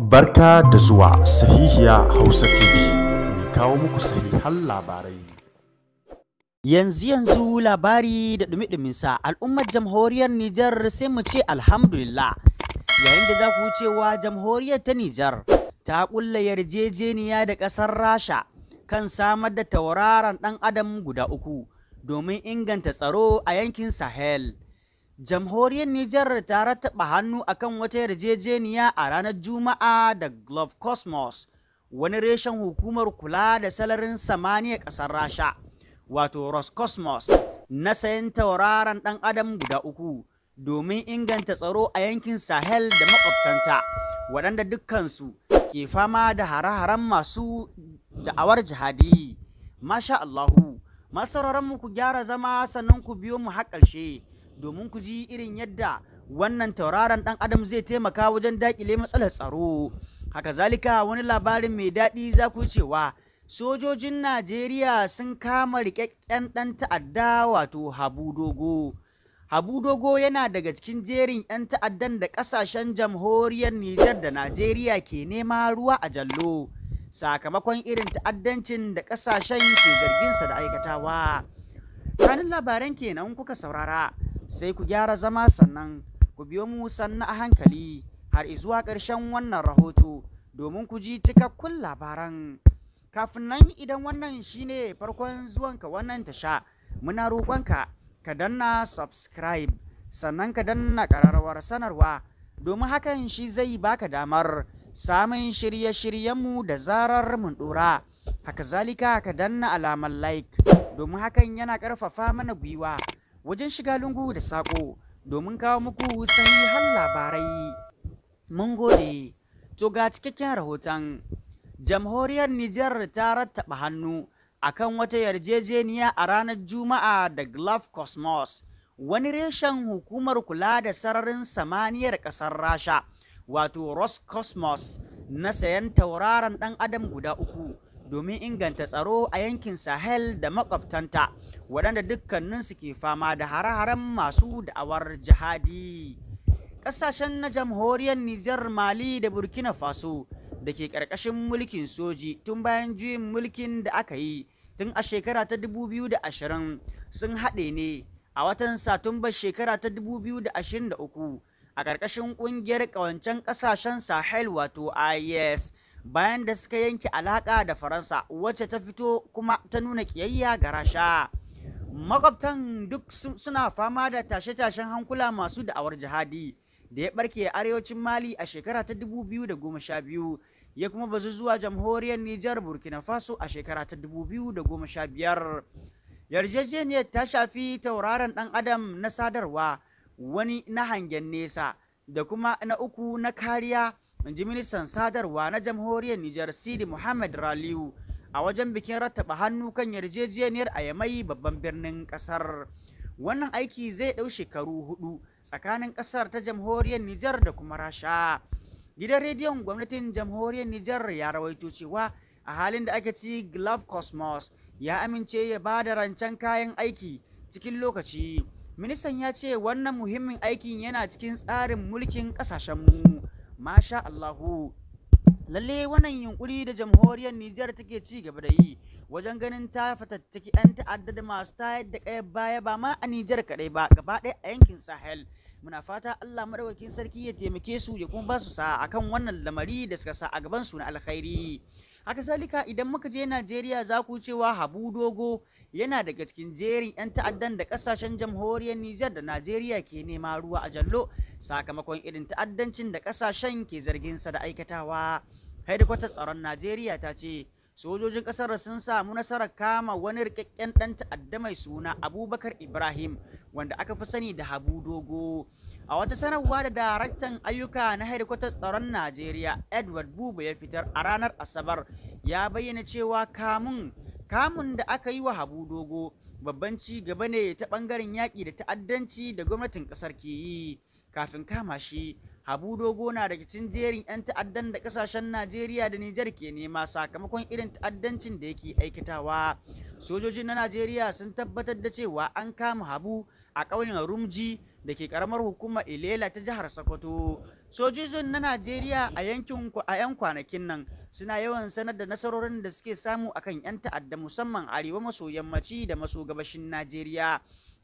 Barka da zuwa sahihiya Hausa TV, mai kawo muku sahihan labarai. Yanzu yanzu labari da ɗumi sa al'ummar jamhuriyar Nijar sai mu ce alhamdulillah. Yayin da za ku cewa jamhuriyar ta Nijar ta ƙulla yarjejeniya da ƙasar Rasha kan samar da tauraron ɗan adam guda uku domin inganta tsaro a yankin Sahel. jamhuriyar Nijar ta rattaba hannu akan wata yarjejeniya a ranar Juma'a da Glove Cosmos, wani reshen hukumar kula da salarin samaniya ƙasar Rasha, wato Roscosmos, na sayan tauraron ɗan adam guda uku domin inganta tsaro a yankin Sahel da makwabtanta, waɗanda dukkansu ke fama da hare-haren masu da'awar jihadi. Masha Allahu, masu ku gyara zama sannan ku biyo mu har ƙarshe. domin ku ji irin yadda wannan tauraron ɗan adam zai taimaka wajen daƙile matsalar tsaro haka zalika wani labarin mai daɗi za ku cewa sojojin najeriya sun kama rikakken ɗan ta'adda wato habu dogo habu dogo yana daga cikin jerin 'yan ta'addan da ƙasashen jamhuriyar nijar da najeriya ke nema ruwa a jallo sakamakon irin ta'addancin da ƙasashen ke zarginsa da aikatawa kanin labaran kenan kuka saurara sai ku gyara zama sannan ku biyo mu sannan a hankali har zuwa ƙarshen wannan rahoto domin ku ji cikakkun labaran kafin nan idan wannan shine farkon zuwanka wannan tasha muna roƙonka ka danna subscribe sannan ka danna ƙararrawar sanarwa domin hakan shi zai baka damar samun shirye-shiryenmu da zarar mun ɗora haka zalika ka danna alamar like domin hakan yana ƙarfafa mana gwiwa wajen shiga lungu da saƙo domin kawo muku sahihan labarai. Mun gode, to ga cikakken rahoton. Jamhuriyar Nijar ta rattaba hannu akan wata yarjejeniya a ranar Juma'a da Glove Cosmos, wani reshen hukumar kula da sararin samaniyar ƙasar Rasha, wato Roscosmos na sayan tauraron ɗan adam guda uku. domin inganta tsaro a yankin Sahel da makwabtanta waɗanda dukkaninsu ke fama da hare-haren masu da'awar jihadi. Ƙasashen na jamhuriyar Nijar Mali da Burkina Faso da ke ƙarƙashin mulkin soji tun bayan juyin mulkin da aka yi tun a shekara ta 2020 sun haɗe ne a watan Satumbar shekara ta 2023 a ƙarƙashin ƙungiyar ƙawancen ƙasashen Sahel wato IS. bayan da suka yanke alaƙa da faransa wacce ta fito kuma ta nuna ƙiyayya ga rasha makwabtan duk suna fama da tashe-tashen hankula masu da'awar jihadi da ya barke arewacin mali a shekara ta 2012 ya kuma bazu zuwa jamhuriyar nijar burkina faso a shekara ta 2015 yarjejeniyar ta shafi tauraron dan adam na sadarwa wani na hangen nesa da kuma na uku na kariya in ji ministan sadarwa na jamhuriyar Nijar Sidi Muhammad Raliu a wajen bikin rattaba hannu kan yarjejeniyar a yamai babban birnin kasar. Wannan aiki zai ɗau shekaru hudu tsakanin kasar ta jamhuriyar Nijar da kuma Rasha. Gidan rediyon gwamnatin jamhuriyar Nijar ya rawaito cewa a halin da ake ci Glove Cosmos ya amince ya ba da rancen kayan aiki cikin lokaci. Ministan ya ce wannan muhimmin aikin yana cikin tsarin mulkin ƙasashenmu. masha Allahu lalle wannan yunkuri da jamhuriyar Nijar take ci gaba da yi wajen ganin ta fatattaki 'yan ta'addar masu tayar da kayar baya ba ma a Nijar kadai ba gaba ɗaya a yankin Sahel muna fata Allah madaukakin sarki ya taimake su ya kuma ba su sa'a akan wannan lamari da suka sa a gaban su na alkhairi haka salika idan muka je najeriya za ku cewa habu dogo yana daga cikin jerin 'yan ta'addan da kasashen jamhuriyar nijar da najeriya ke nema ruwa a jallo sakamakon irin ta'addancin da kasashen ke zarginsa da aikatawa hedikwatar tsaron najeriya ta ce sojojin kasar sun samu nasarar kama wani rikakken dan ta'adda mai suna abubakar ibrahim wanda aka fi sani da habu dogo A wata sanarwa da daraktan ayyuka na hedikwatar tsaron Najeriya Edward Buba ya fitar a ranar Asabar ya bayyana cewa kamun kamun da aka yi wa Habu Dogo babban ci gaba ne ta ɓangaren yaƙi da ta'addanci da gwamnatin ƙasar ke yi kafin kama shi Abu Dogo na daga cikin jerin 'yan ta'addan da kasashen Najeriya da Nijar ke nema sakamakon irin ta'addancin da yake aikatawa. Sojojin na Najeriya sun tabbatar da cewa an kama Habu a ƙauyen Rumji da ke ƙaramar hukumar Ilela ta jihar Sokoto. Sojojin na Najeriya a yankin a 'yan kwanakin nan suna yawan sanar da nasarorin da suke samu akan 'yan ta'adda musamman arewa maso yammaci da maso gabashin Najeriya.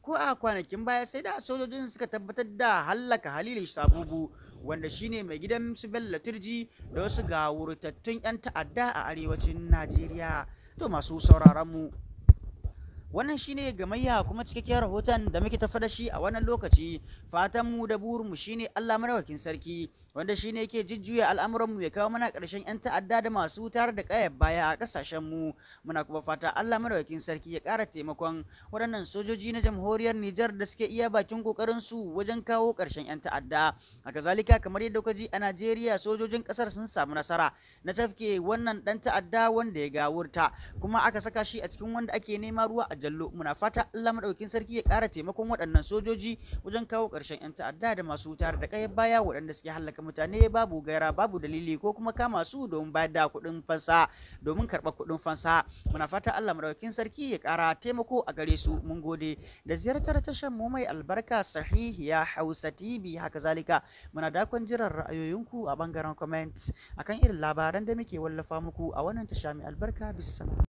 ko a kwanakin baya sai da sojojin suka tabbatar da hallaka halilu sabubu wanda shine mai gidan su bello turji da wasu gawurtattun 'yan ta'adda a arewacin najeriya to masu sauraron mu wannan shine gamayya kuma cikakken rahoton da muke tafa da shi a wannan lokaci fatan mu da burin mu shine Allah madaukakin sarki wanda shine yake jijjuya al'amuran mu ya kawo mana ƙarshen yan ta'adda da masu tare da kayar baya a kasashen mu muna kuma fata Allah madaukakin sarki ya ƙara taimakon waɗannan sojoji na jamhuriyar Nijar da suke iya bakin kokarin su wajen kawo ƙarshen yan ta'adda a kazalika kamar yadda kuka ji a Najeriya sojojin kasar sun samu nasara na tafke wannan dan ta'adda wanda ya gawurta kuma aka saka shi a cikin wanda ake nema ruwa Jallo muna fata Allah madaukakin sarki ya ƙara taimakon waɗannan sojoji wajen kawo ƙarshen 'yan ta'adda da masu tare da ƙayar baya waɗanda suke hallaka mutane babu gaira babu dalili ko kuma kama su domin bayar da kuɗin fansa domin karɓar kuɗin fansa muna fata Allah madaukakin sarki ya ƙara taimako a gare su mun gode da ziyartar tashar mu mai albarka sahihiya Hausa TV haka zalika muna dakon jiran ra'ayoyinku a bangaren comment akan irin labaran da muke wallafa muku a wannan tasha mai albarka bisa.